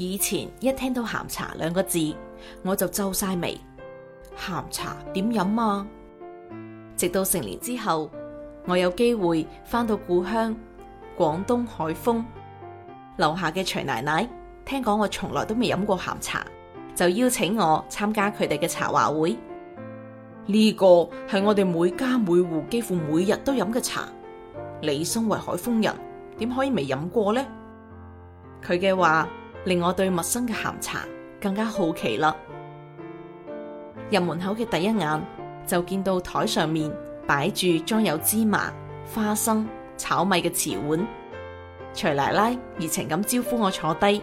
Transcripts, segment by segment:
以前一聽到鹹茶兩個字，我就皺晒眉。鹹茶點飲啊？直到成年之後，我有機會翻到故鄉廣東海豐。樓下嘅徐奶奶，聽講我從來都未飲過鹹茶，就邀請我參加佢哋嘅茶話會。呢個係我哋每家每戶幾乎每日都飲嘅茶。你身為海豐人，點可以未飲過呢？佢嘅話。令我對陌生嘅鹹茶更加好奇啦！入門口嘅第一眼就見到台上面擺住裝有芝麻、花生、炒米嘅瓷碗。徐奶奶熱情咁招呼我坐低，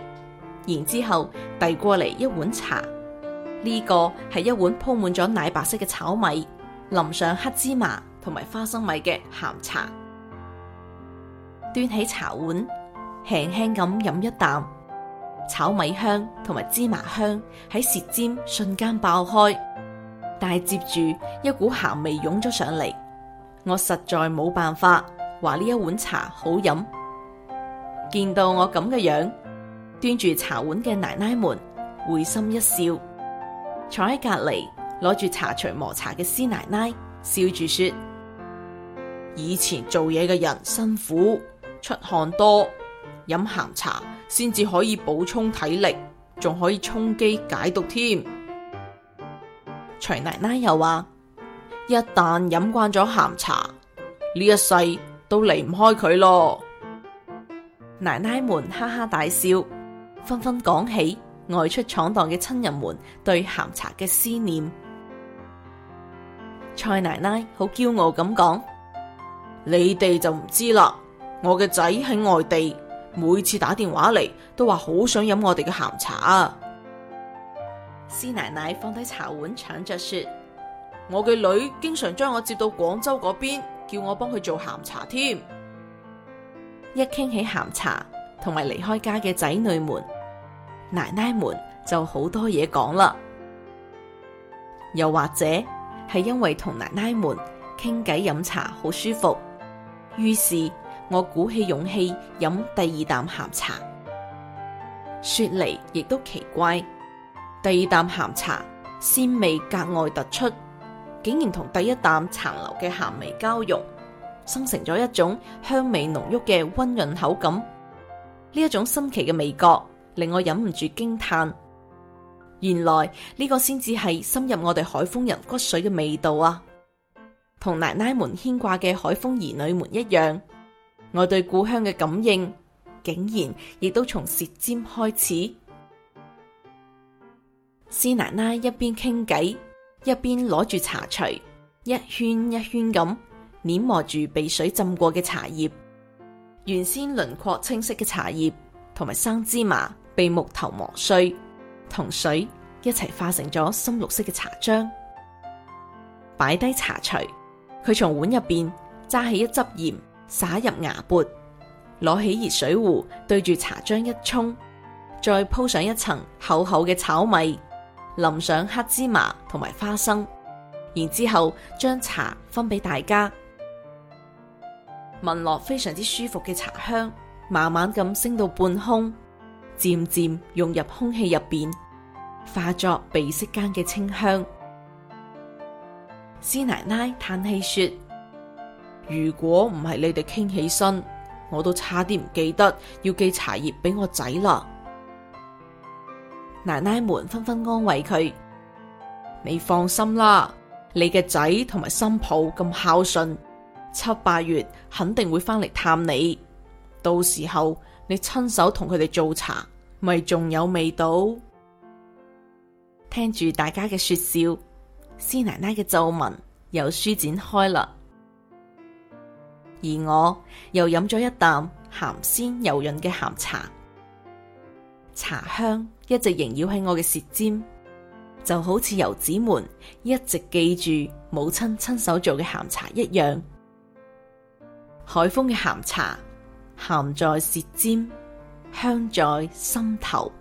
然之後遞過嚟一碗茶。呢個係一碗鋪滿咗奶白色嘅炒米，淋上黑芝麻同埋花生米嘅鹹茶。端起茶碗，輕輕咁飲一啖。炒米香同埋芝麻香喺舌尖瞬間爆開，但係接住一股鹹味湧咗上嚟，我實在冇辦法話呢一碗茶好飲。見到我咁嘅樣，端住茶碗嘅奶奶們會心一笑，坐喺隔籬攞住茶錘磨茶嘅師奶奶笑住說：以前做嘢嘅人辛苦，出汗多。飲鹹茶先至可以補充體力，仲可以充飢解毒添。徐奶奶又話：「一旦飲慣咗鹹茶，呢一世都離唔開佢咯！」奶奶們哈哈大笑，紛紛講起外出闖蕩嘅親人們對鹹茶嘅思念。蔡奶奶好驕傲咁講：「你哋就唔知啦，我嘅仔喺外地。每次打電話嚟都話好想飲我哋嘅鹹茶啊！師奶奶放低茶碗，搶着說：我嘅女經常將我接到廣州嗰邊，叫我幫佢做鹹茶添。一傾起鹹茶，同埋離開家嘅仔女們、奶奶們就好多嘢講啦。又或者係因為同奶奶們傾偈飲茶好舒服，於是。我鼓起勇氣飲第二啖咸茶，說嚟亦都奇怪。第二啖咸茶鮮味格外突出，竟然同第一啖殘留嘅咸味交融，生成咗一種香味濃郁嘅溫潤口感。呢一種新奇嘅味覺令我忍唔住驚嘆，原來呢個先至係深入我哋海豐人骨髓嘅味道啊！同奶奶們牽掛嘅海豐兒女們一樣。我對故鄉嘅感應，竟然亦都從舌尖開始。師奶奶一邊傾偈，一邊攞住茶錘，一圈一圈咁碾磨住被水浸過嘅茶葉。原先輪廓清晰嘅茶葉同埋生芝麻，被木頭磨碎，同水一齊化成咗深綠色嘅茶漿。擺低茶錘，佢從碗入邊揸起一執鹽。灑入牙缽，攞起熱水壺對住茶漿一沖，再鋪上一層厚厚嘅炒米，淋上黑芝麻同埋花生，然之後將茶分俾大家。聞落非常之舒服嘅茶香，慢慢咁升到半空，漸漸融入空氣入邊，化作鼻息間嘅清香。師奶奶嘆氣說。如果唔係你哋傾起身，我都差啲唔記得要寄茶葉俾我仔啦。奶奶們紛紛安慰佢：你放心啦，你嘅仔同埋新抱咁孝順，七八月肯定會翻嚟探你。到時候你親手同佢哋做茶，咪仲有味道？聽住大家嘅說笑，施奶奶嘅皺紋又舒展開啦。而我又飲咗一啖鹹鮮油潤嘅鹹茶，茶香一直縈繞喺我嘅舌尖，就好似遊子們一直記住母親親手做嘅鹹茶一樣。海豐嘅鹹茶，鹹在舌尖，香在心頭。